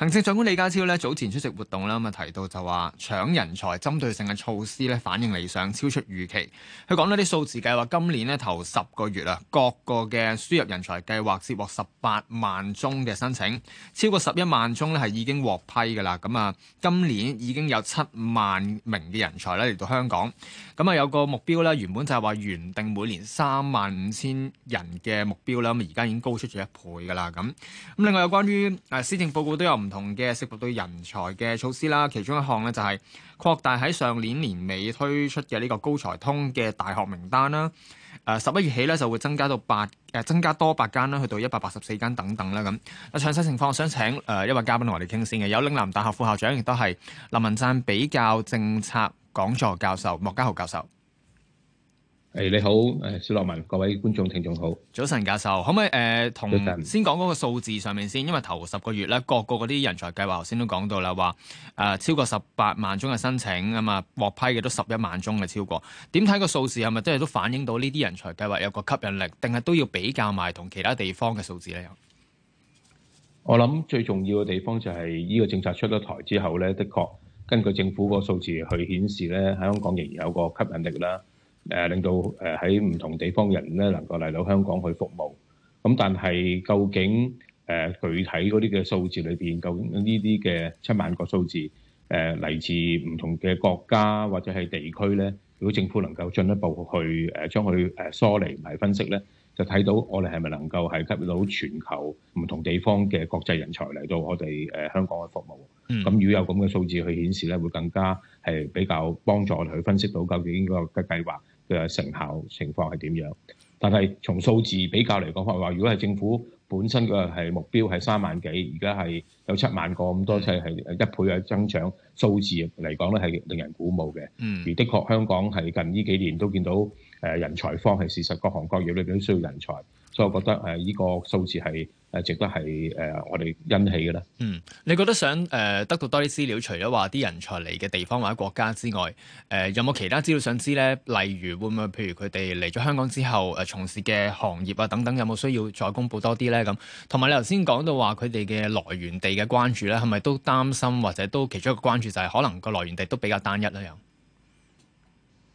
行政長官李家超早前出席活動啦，咁啊提到就話搶人才針對性嘅措施反應理想，超出預期。佢講到啲數字計劃，今年咧頭十個月啊，各個嘅輸入人才計劃接獲十八萬宗嘅申請，超過十一萬宗咧係已經獲批噶啦。咁啊，今年已經有七萬名嘅人才咧嚟到香港。咁啊有個目標原本就係話原定每年三萬五千人嘅目標啦，咁而家已經高出咗一倍噶啦。咁咁另外有關於誒施政報告都有。唔同嘅識拔對人才嘅措施啦，其中一項呢，就係擴大喺上年年尾推出嘅呢個高才通嘅大學名單啦。誒十一月起呢，就會增加到八誒、呃、增加多八間啦，去到一百八十四間等等啦咁。啊詳細情況，我想請誒、呃、一位嘉賓同我哋傾先嘅，有嶺南大學副校長，亦都係林文贊比較政策講座教授莫家豪教授。誒、hey,，你好，誒，小樂文，各位觀眾聽眾好。早晨，教授，可唔可以誒，同、呃、先講嗰個數字上面先？因為頭十個月咧，各個嗰啲人才計劃，頭先都講到啦，話誒、呃、超過十八萬宗嘅申請啊嘛，獲批嘅都十一萬宗嘅超過。點睇個數字係咪都係都反映到呢啲人才計劃有個吸引力，定係都要比較埋同其他地方嘅數字咧？又，我諗最重要嘅地方就係呢個政策出咗台之後咧，的確根據政府個數字去顯示咧，喺香港仍然有個吸引力啦。誒令到誒喺唔同地方人咧，能夠嚟到香港去服務。咁但係究竟誒具體嗰啲嘅數字裏邊，究竟呢啲嘅七萬個數字誒嚟自唔同嘅國家或者係地區咧？如果政府能夠進一步去誒將佢誒梳理同埋分析咧，就睇到我哋係咪能夠係吸引到全球唔同地方嘅國際人才嚟到我哋誒香港去服務。嗯。咁如果有咁嘅數字去顯示咧，會更加係比較幫助我哋去分析到究竟個計劃嘅成效情況係點樣。但係從數字比較嚟講，話如果係政府本身嘅係目標係三萬幾，而家係有七萬個咁多，即係係一倍嘅增長數字嚟講咧，係令人鼓舞嘅、嗯。而的確香港係近呢幾年都見到誒人才荒係事實各，各行各業裏邊都需要人才。所以我覺得誒呢個數字係誒值得係誒我哋欣喜嘅啦。嗯，你覺得想誒得到多啲資料，除咗話啲人才嚟嘅地方或者國家之外，誒、呃、有冇其他資料想知咧？例如會唔會，譬如佢哋嚟咗香港之後誒從事嘅行業啊等等，有冇需要再公布多啲咧？咁同埋你頭先講到話佢哋嘅來源地嘅關注咧，係咪都擔心或者都其中一個關注就係可能個來源地都比較單一咧？樣？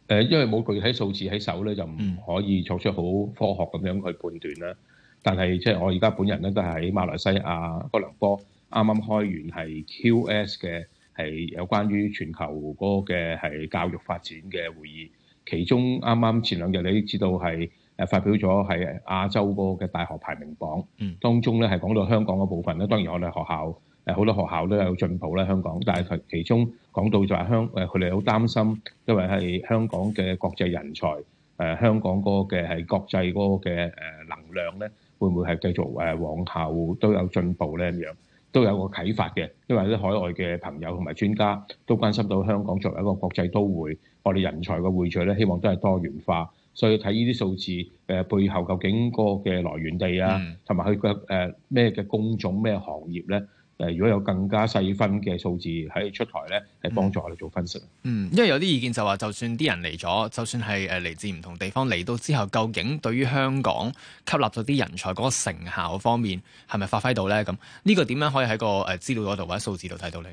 誒，因為冇具體數字喺手咧，就唔可以作出好科學咁樣去判斷啦、嗯。但係即係我而家本人咧，都係喺馬來西亞哥蘭坡啱啱開完係 QS 嘅係有關於全球嗰個嘅係教育發展嘅會議，其中啱啱前兩日你知道係誒發表咗係亞洲嗰個嘅大學排名榜，嗯、當中咧係講到香港嘅部分咧，當然我哋學校。誒好多學校都有進步咧，香港。但係其中講到就係香誒，佢哋好擔心，因為係香港嘅國際人才，誒、呃、香港嗰個嘅係國際嗰個嘅誒能量咧，會唔會係繼續誒往後都有進步咧？咁樣都有個啟發嘅，因為啲海外嘅朋友同埋專家都關心到香港作為一個國際都會，我哋人才嘅匯聚咧，希望都係多元化。所以睇呢啲數字誒、呃、背後究竟嗰個嘅來源地啊，同埋佢嘅誒咩嘅工種咩行業咧？誒，如果有更加細分嘅數字喺出台咧，係幫助我哋做分析的。嗯，嗯，因為有啲意見就話，就算啲人嚟咗，就算係誒嚟自唔同地方嚟到之後，究竟對於香港吸納咗啲人才嗰個成效方面，係咪發揮到咧？咁呢個點樣可以喺個誒資料嗰度或者數字度睇到咧？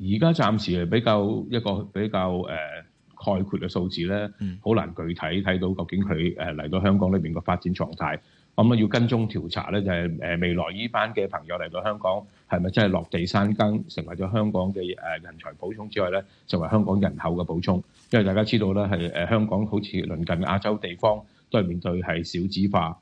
而家暫時係比較一個比較誒、呃、概括嘅數字咧，好、嗯、難具體睇到究竟佢誒嚟到香港呢邊個發展狀態。咁啊，要跟蹤調查咧，就係誒未來呢班嘅朋友嚟到香港，係咪真係落地生根，成為咗香港嘅人才補充之外咧，成為香港人口嘅補充。因為大家知道咧，係香港好似鄰近亞洲地方都係面對係少子化，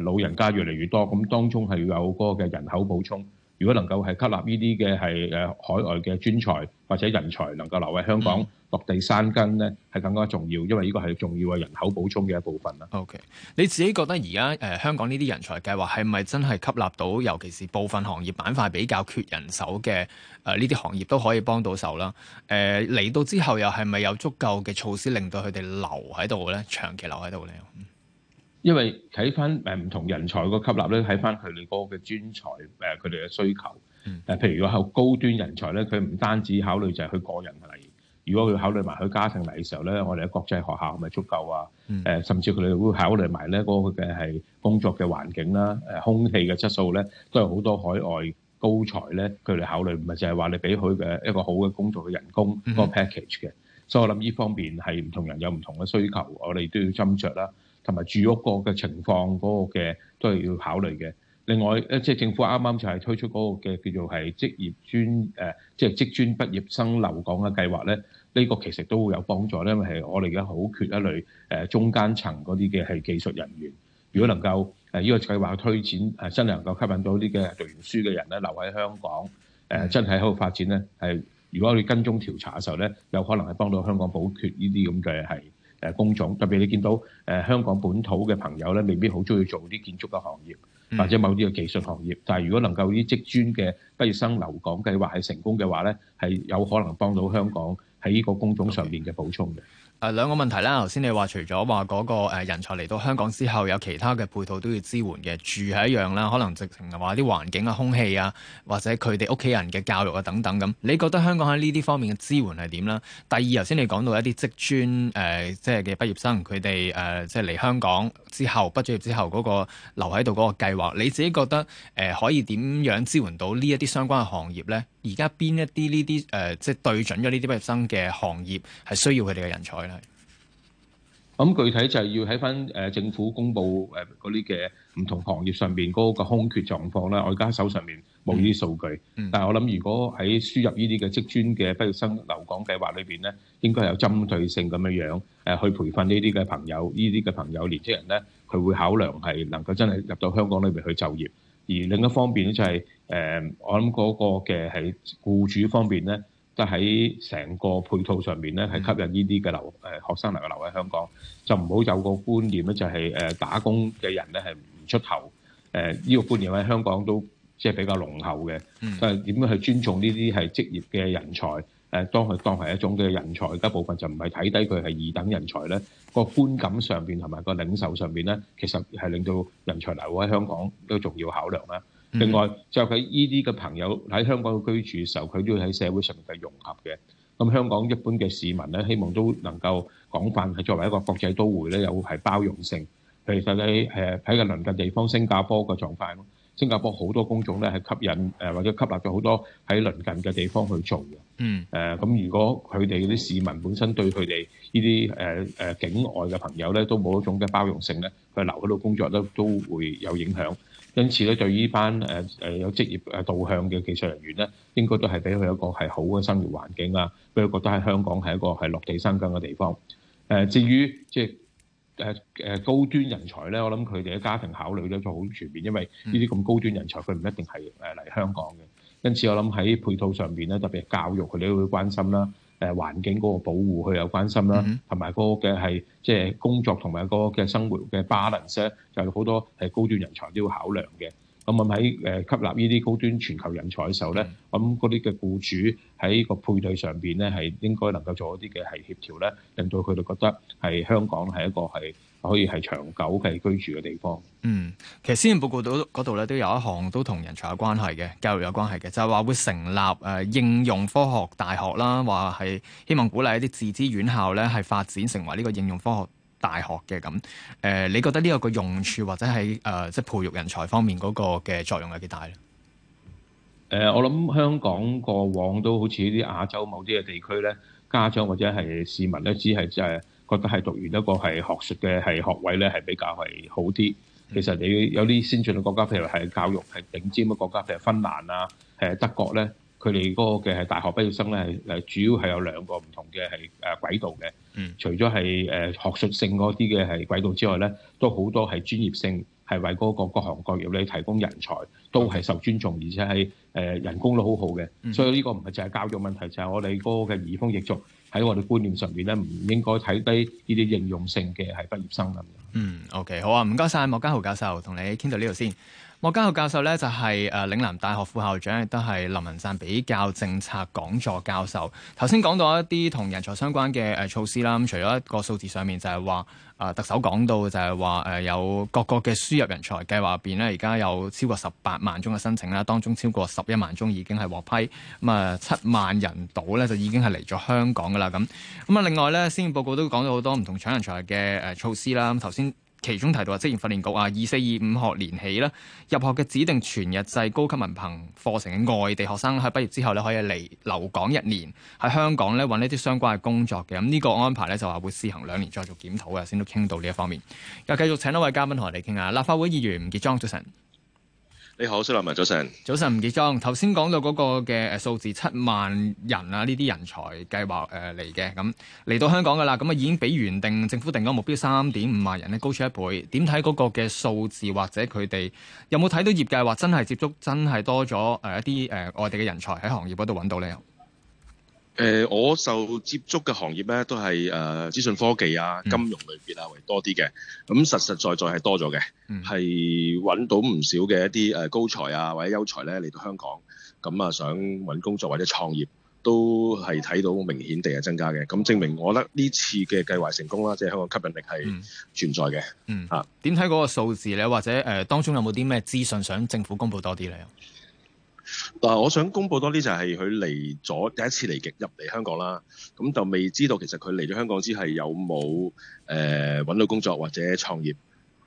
老人家越嚟越多，咁當中係有嗰個嘅人口補充。如果能夠係吸納呢啲嘅係誒海外嘅專才或者人才能夠留喺香港、嗯、落地生根咧，係更加重要，因為呢個係重要嘅人口補充嘅一部分啦。OK，你自己覺得而家誒香港呢啲人才計劃係咪真係吸納到，尤其是部分行業板塊比較缺人手嘅誒呢啲行業都可以幫到手啦？誒、呃、嚟到之後又係咪有足夠嘅措施令到佢哋留喺度咧？長期留喺度咧？因為睇翻唔同人才個吸納咧，睇翻佢哋嗰個嘅專才佢哋嘅需求誒、嗯，譬如果係高端人才咧，佢唔單止考慮就係佢個人嘅嚟，如果佢考慮埋佢家庭嚟嘅時候咧，我哋喺國際學校咪足夠啊、嗯、甚至佢哋會考慮埋咧個個嘅係工作嘅環境啦，空氣嘅質素咧，都有好多海外高才咧佢哋考慮，唔係就係話你俾佢嘅一個好嘅工作嘅人工嗰、嗯嗰個 package 嘅，所以我諗呢方面係唔同人有唔同嘅需求，我哋都要斟酌啦。同埋住屋嗰嘅情況，嗰個嘅都係要考慮嘅。另外，誒即係政府啱啱就係推出嗰個嘅叫做係職業專誒即係、就是、職專畢業生留港嘅計劃咧。呢、這個其實都會有幫助，因為係我哋而家好缺一類誒中間層嗰啲嘅係技術人員。如果能夠誒呢個計劃推展，係真係能夠吸引到啲嘅讀完書嘅人咧留喺香港誒，真係喺度發展咧。係如果你跟蹤調查嘅時候咧，有可能係幫到香港補缺呢啲咁嘅係。誒工種，特別你見到誒、呃、香港本土嘅朋友咧，未必好鍾意做啲建築嘅行業、嗯，或者某啲嘅技術行業。但如果能夠啲職專嘅畢業生留港計劃係成功嘅話咧，係有可能幫到香港喺呢個工種上面嘅補充嘅。誒兩個問題啦，頭先你話除咗話嗰個人才嚟到香港之後有其他嘅配套都要支援嘅，住係一樣啦，可能直情話啲環境啊、空氣啊，或者佢哋屋企人嘅教育啊等等咁。你覺得香港喺呢啲方面嘅支援係點啦？第二，頭先你講到一啲職專誒即係嘅畢業生，佢哋誒即係嚟香港之後畢咗業之後嗰個留喺度嗰個計劃，你自己覺得誒、呃、可以點樣支援到呢一啲相關嘅行業咧？而家邊一啲呢啲誒即係對準咗呢啲畢業生嘅行業係需要佢哋嘅人才咧？咁具體就係要睇翻誒政府公布誒嗰啲嘅唔同行業上面嗰個空缺狀況啦，我而家手上面冇呢啲數據，但係我諗如果喺輸入呢啲嘅職專嘅畢業生留港計劃裏邊咧，應該係有針對性咁樣樣誒去培訓呢啲嘅朋友，呢啲嘅朋友年輕人咧，佢會考量係能夠真係入到香港裏邊去就業。而另一方面咧就係誒，我諗嗰個嘅係雇主方面咧。就喺成個配套上面咧，係吸引呢啲嘅留誒學生能夠留喺香港，就唔好有個觀念咧，就係誒打工嘅人咧係唔出頭。誒、呃、呢、呢個觀念喺香港都即係比較濃厚嘅。嗯，但係點樣去尊重呢啲係職業嘅人才？誒當係當係一種嘅人才一部分，就唔係睇低佢係二等人才咧。嗰個觀感上邊同埋個領袖上邊咧，其實係令到人才留喺香港都一個重要考量啦。嗯、另外，就佢依啲嘅朋友喺香港居住嘅時候，佢都要喺社會上面嘅融合嘅。咁香港一般嘅市民咧，希望都能夠廣泛係作為一個國際都會咧，有係包容性。其實你誒喺嘅鄰近地方，新加坡嘅狀況，新加坡好多工種咧係吸引誒或者吸納咗好多喺鄰近嘅地方去做嘅。嗯。誒、呃、咁，如果佢哋啲市民本身對佢哋呢啲誒境外嘅朋友咧，都冇一種嘅包容性咧，佢留喺度工作都都會有影響。因此咧，對於呢班誒有職業誒導向嘅技術人員咧，應該都係俾佢一個係好嘅生活環境啊，俾佢覺得喺香港係一個係落地生根嘅地方。誒，至於即係誒高端人才咧，我諗佢哋嘅家庭考慮咧就好全面，因為呢啲咁高端人才佢唔一定係嚟香港嘅。因此我諗喺配套上面，咧，特別係教育佢哋都會關心啦。誒環境嗰個保護佢有關心啦，同埋個嘅係即係工作同埋個嘅生活嘅 balance 咧，就係好多係高端人才都要考量嘅。咁咁喺誒吸納呢啲高端全球人才嘅時候咧，咁嗰啲嘅僱主喺個配對上邊咧係應該能夠做一啲嘅係協調咧，令到佢哋覺得係香港係一個係。可以係長久嘅居住嘅地方。嗯，其實《施政報告》到嗰度咧，都有一項都同人才有關係嘅，教育有關係嘅，就係話會成立誒、呃、應用科學大學啦。話係希望鼓勵一啲自資院校咧，係發展成為呢個應用科學大學嘅咁。誒、呃，你覺得呢個個用處或者喺誒、呃、即係培育人才方面嗰個嘅作用係幾大咧？誒、呃，我諗香港過往都好似啲亞洲某啲嘅地區咧，家長或者係市民咧，只係即係。覺得係讀完一個係學術嘅係學位咧，係比較係好啲。其實你有啲先進嘅國家，譬如係教育係頂尖嘅國家，譬如是芬蘭啊、誒德國咧，佢哋嗰個嘅係大學畢業生咧，係誒主要係有兩個唔同嘅係誒軌道嘅。嗯，除咗係誒學術性嗰啲嘅係軌道之外咧，都好多係專業性係為嗰個各行各業咧提供人才，都係受尊重，而且係誒人工都好好嘅。所以呢個唔係淨係教育問題，就係、是、我哋嗰個嘅移風易俗。喺我哋觀念上面咧，唔應該睇低呢啲應用性嘅係畢業生咁。嗯，OK，好啊，唔該晒。莫家豪教授，同你傾到呢度先。莫家豪教授咧就係誒嶺南大學副校長，亦都係林文贊比較政策講座教授。頭先講到一啲同人才相關嘅誒措施啦。咁、嗯、除咗一個數字上面就係話，啊、呃、特首講到就係話誒有各個嘅輸入人才計劃入邊咧，而家有超過十八萬宗嘅申請啦，當中超過十一萬宗已經係獲批。咁、嗯、啊，七萬人度咧就已經係嚟咗香港噶。啊咁，咁啊另外咧，施政報告都講咗好多唔同搶人才嘅，誒措施啦。咁頭先，其中提到啊，職業訓練局啊，二四二五學年起咧，入學嘅指定全日制高級文憑課程嘅外地學生喺畢業之後咧，可以嚟留港一年，喺香港咧揾一啲相關嘅工作嘅。咁、這、呢個安排咧就話會試行兩年，再做檢討嘅，先都傾到呢一方面。又繼續請一位嘉賓同我哋傾下，立法會議員吳傑莊先生。你好，蘇立文，早晨。早晨，吳傑莊，頭先講到嗰個嘅數字七萬人啊，呢啲人才計劃誒嚟嘅，咁、呃、嚟到香港噶啦，咁啊已經比原定政府定個目標三點五萬人高出一倍。點睇嗰個嘅數字，或者佢哋有冇睇到業界話真係接觸，真係多咗誒一啲誒外地嘅人才喺行業嗰度揾到咧？誒、呃，我受接觸嘅行業咧，都係誒、呃、資訊科技啊、金融類別啊為、嗯、多啲嘅，咁實實在在係多咗嘅，係、嗯、揾到唔少嘅一啲、呃、高才啊或者優才咧嚟到香港，咁啊想揾工作或者創業，都係睇到明顯地係增加嘅，咁證明我覺得呢次嘅計劃成功啦，即、就、係、是、香港吸引力係存在嘅，嚇、嗯。點睇嗰個數字咧？或者誒、呃、當中有冇啲咩資訊想政府公布多啲咧？嗱，我想公布多啲就係佢嚟咗第一次嚟極入嚟香港啦，咁就未知道其實佢嚟咗香港之後有冇誒揾到工作或者創業，誒、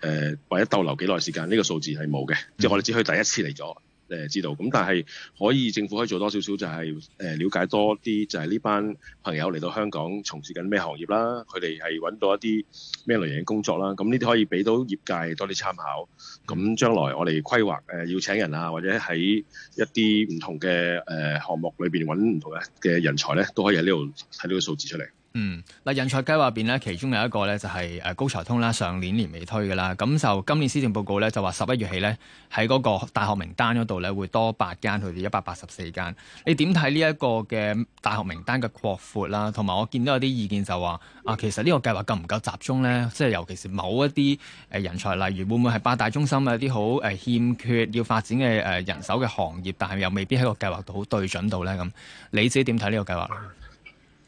呃、或者逗留幾耐時間，呢個數字係冇嘅，即係我哋只可以第一次嚟咗。誒知道，咁但係可以政府可以做多少少、就係，就、呃、係了解多啲，就係呢班朋友嚟到香港從事緊咩行業啦，佢哋係揾到一啲咩類型嘅工作啦，咁呢啲可以俾到業界多啲參考。咁將來我哋規劃、呃、要請人啊，或者喺一啲唔同嘅誒、呃、項目裏面揾唔同嘅嘅人才咧，都可以喺呢度睇到個數字出嚟。嗯，嗱，人才計劃裏邊咧，其中有一個咧就係誒高才通啦，上年年尾推嘅啦，咁就今年施政報告咧就話十一月起咧喺嗰個大學名單嗰度咧會多八間，去到一百八十四間。你點睇呢一個嘅大學名單嘅擴闊啦？同埋我見到有啲意見就話啊，其實呢個計劃夠唔夠集中咧？即係尤其是某一啲誒人才，例如會唔會係八大中心啊啲好誒欠缺要發展嘅誒人手嘅行業，但係又未必喺個計劃度好對準到咧咁？你自己點睇呢個計劃？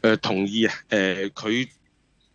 誒、呃，同意啊！誒、呃，佢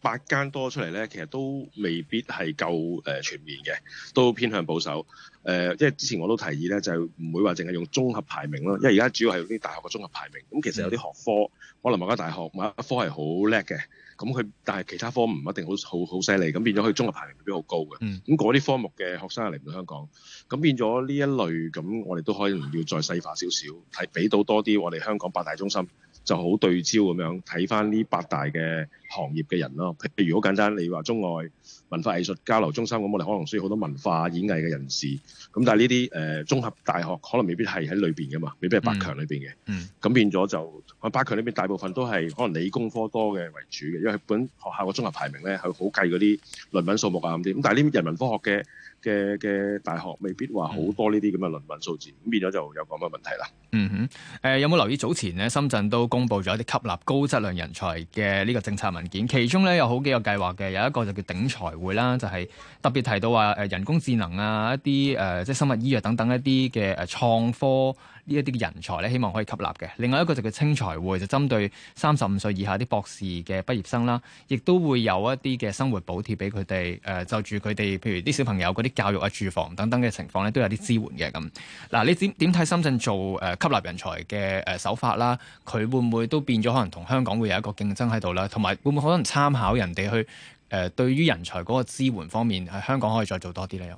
八間多出嚟咧，其實都未必係夠誒全面嘅，都偏向保守。誒、呃，因為之前我都提議咧，就唔、是、會話淨係用綜合排名咯。因為而家主要係用啲大學嘅綜合排名。咁其實有啲學科可能某間大學某科系好叻嘅，咁佢但係其他科唔一定好好好犀利，咁變咗佢綜合排名比較高嘅。咁嗰啲科目嘅學生嚟唔到香港，咁變咗呢一類，咁我哋都可唔要再細化少少，睇俾到多啲我哋香港八大中心。就好對焦咁樣睇翻呢八大嘅。行業嘅人咯，譬如好簡單說，你話中外文化藝術交流中心咁，我哋可能需要好多文化演藝嘅人士。咁但係呢啲誒綜合大學可能未必係喺裏邊嘅嘛，未必係百強裏邊嘅。嗯。咁、嗯、變咗就喺百強裏邊，大部分都係可能理工科多嘅為主嘅，因為本學校個綜合排名咧係好計嗰啲論文數目啊啲。咁但係啲人文科學嘅嘅嘅大學未必話好多呢啲咁嘅論文數字，咁、嗯、變咗就有咁嘅問題啦。嗯哼，誒、呃、有冇留意早前咧深圳都公布咗一啲吸納高質量人才嘅呢個政策文？其中咧有好幾個計劃嘅，有一個就叫頂財會啦，就係、是、特別提到話誒人工智能啊，一啲誒、呃、即係生物醫藥等等一啲嘅誒創科。呢一啲人才咧，希望可以吸納嘅。另外一個就叫青才會，就針對三十五歲以下啲博士嘅畢業生啦，亦都會有一啲嘅生活補貼俾佢哋。誒、呃、就住佢哋，譬如啲小朋友嗰啲教育啊、住房等等嘅情況咧，都有啲支援嘅咁。嗱，你點點睇深圳做誒、呃、吸納人才嘅誒、呃、手法啦？佢會唔會都變咗可能同香港會有一個競爭喺度啦？同埋會唔會可能參考人哋去誒、呃、對於人才嗰個支援方面，喺香港可以再做多啲咧？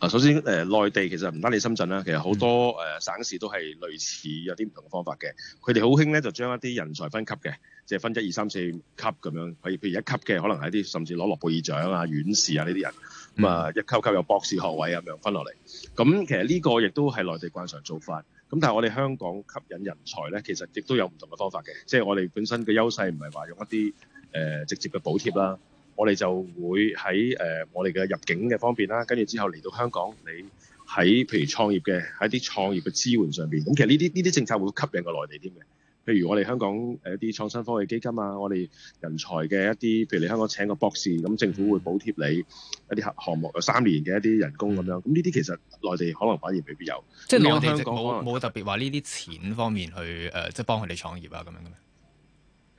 啊，首先誒、呃，內地其實唔單止深圳啦，其實好多誒、呃、省市都係類似有啲唔同嘅方法嘅。佢哋好興咧，就將一啲人才分級嘅，即係分一二三四級咁樣。譬如譬如一級嘅，可能係一啲甚至攞諾貝爾獎啊、院士啊呢啲人，咁、嗯、啊一級級有博士學位咁樣分落嚟。咁其實呢個亦都係內地慣常做法。咁但係我哋香港吸引人才咧，其實亦都有唔同嘅方法嘅。即係我哋本身嘅優勢唔係話用一啲、呃、直接嘅補貼啦。我哋就會喺誒、呃、我哋嘅入境嘅方面啦，跟住之後嚟到香港，你喺譬如創業嘅喺啲創業嘅支援上邊，咁其實呢啲呢啲政策會吸引過內地添嘅。譬如我哋香港誒一啲創新科技基金啊，我哋人才嘅一啲，譬如你香港請個博士，咁政府會補貼你一啲項目有三年嘅一啲人工咁樣。咁呢啲其實內地可能反而未必有。即係內地即係冇特別話呢啲錢方面去誒，即、呃、係、係、幫佢哋創業啊咁樣嘅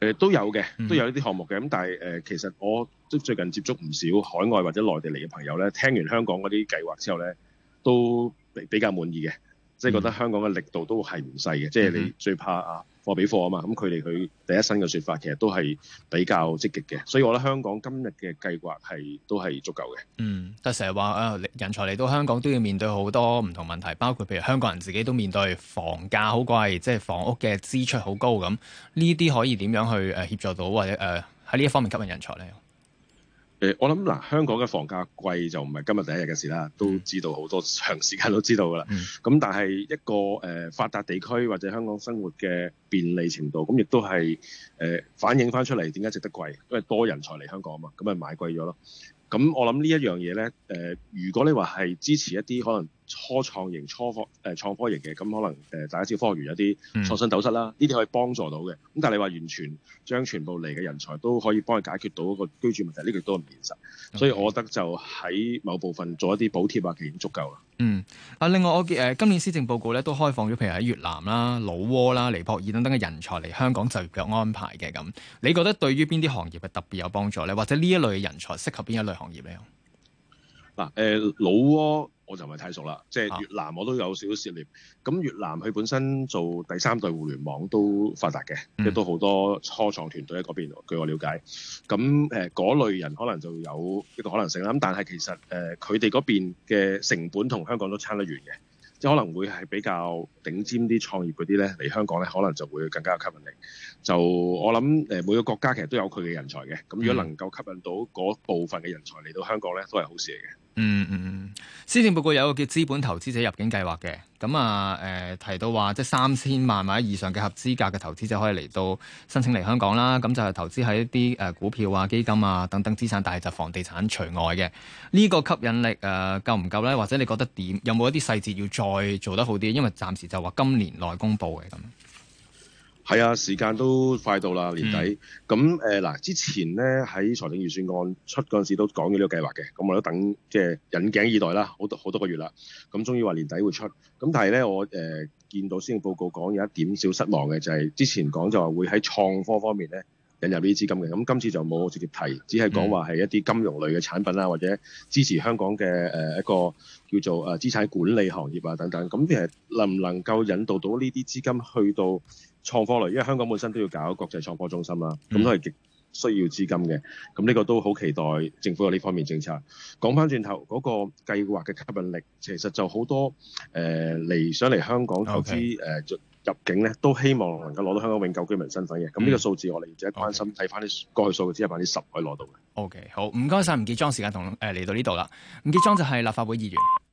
咩？誒都有嘅，都有呢啲項目嘅。咁但係誒、呃，其實我即最近接觸唔少海外或者內地嚟嘅朋友咧，聽完香港嗰啲計劃之後咧，都比比較滿意嘅，即係覺得香港嘅力度都係唔細嘅。Mm -hmm. 即係你最怕啊貨比貨啊嘛，咁佢哋佢第一身嘅説法其實都係比較積極嘅，所以我覺得香港今日嘅計劃係都係足夠嘅。嗯，但成日話啊，人才嚟到香港都要面對好多唔同問題，包括譬如香港人自己都面對房價好貴，即係房屋嘅支出好高咁，呢啲可以點樣去誒協助到或者誒喺呢一方面吸引人才咧？誒、呃，我諗嗱、呃，香港嘅房價貴就唔係今日第一日嘅事啦，都知道好多長時間都知道噶啦。咁、嗯嗯嗯、但係一個誒、呃、發達地區或者香港生活嘅便利程度，咁亦都係誒反映翻出嚟點解值得貴，因為多人才嚟香港啊嘛，咁咪買貴咗咯。咁、嗯、我諗呢一樣嘢咧，誒、呃，如果你話係支持一啲可能，初創型、初科誒、呃、創科型嘅，咁可能誒、呃、大家知科學園有啲創新斗室啦，呢、嗯、啲可以幫助到嘅。咁但係你話完全將全部嚟嘅人才都可以幫佢解決到一個居住問題，呢、嗯、個都唔現實。所以我覺得就喺某部分做一啲補貼啊，其實已經足夠啦。嗯，啊，另外我嘅、呃、今年施政報告咧都開放咗，譬如喺越南啦、老撾啦、尼泊爾等等嘅人才嚟香港就業安排嘅咁，你覺得對於邊啲行業係特別有幫助咧？或者呢一類嘅人才適合邊一類行業咧？嗱、呃，誒老撾。我就唔係太熟啦，即係越南我都有少少涉獵。咁、啊、越南佢本身做第三代互聯網都發達嘅，亦都好多初創團隊喺嗰邊。據我了解，咁嗰、呃、類人可能就有一個可能性啦。咁但係其實、呃、佢哋嗰邊嘅成本同香港都差得遠嘅，即係可能會係比較頂尖啲創業嗰啲咧嚟香港咧，可能就會更加有吸引力。就我諗、呃、每個國家其實都有佢嘅人才嘅，咁如果能夠吸引到嗰部分嘅人才嚟到香港咧，都係好事嚟嘅。嗯嗯嗯，施、嗯、政報告有一個叫資本投資者入境計劃嘅，咁啊誒提到話即係三千萬或以上嘅合資格嘅投資者可以嚟到申請嚟香港啦，咁就係投資喺一啲誒、呃、股票啊、基金啊等等資產，大集、房地產除外嘅呢、這個吸引力誒、呃、夠唔夠呢？或者你覺得點？有冇一啲細節要再做得好啲？因為暫時就話今年內公布嘅咁。係啊，時間都快到啦，年底。咁誒嗱，之前咧喺財政預算案出嗰陣時都講咗呢個計劃嘅，咁我都等即係引頸以待啦，好多好多個月啦。咁終於話年底會出，咁但係咧我誒、呃、見到先報告講有一點小失望嘅，就係、是、之前講就話會喺創科方面咧。引入呢啲資金嘅，咁今次就冇直接提，只係講話係一啲金融類嘅產品啦、嗯，或者支持香港嘅誒一個叫做誒資產管理行業啊等等。咁其實能唔能夠引導到呢啲資金去到創科類，因為香港本身都要搞國際創科中心啦，咁都係極需要資金嘅。咁呢個都好期待政府有呢方面政策。講翻轉頭嗰個計劃嘅吸引力，其實就好多誒嚟、呃、想嚟香港投資誒。Okay. 入境咧都希望能夠攞到香港永久居民身份嘅，咁呢個數字我哋而係關心，睇翻啲概數，只係百分之十可以攞到嘅。O、okay, K，好唔該晒。吳傑莊時間同誒嚟到呢度啦，吳傑莊就係立法會議員。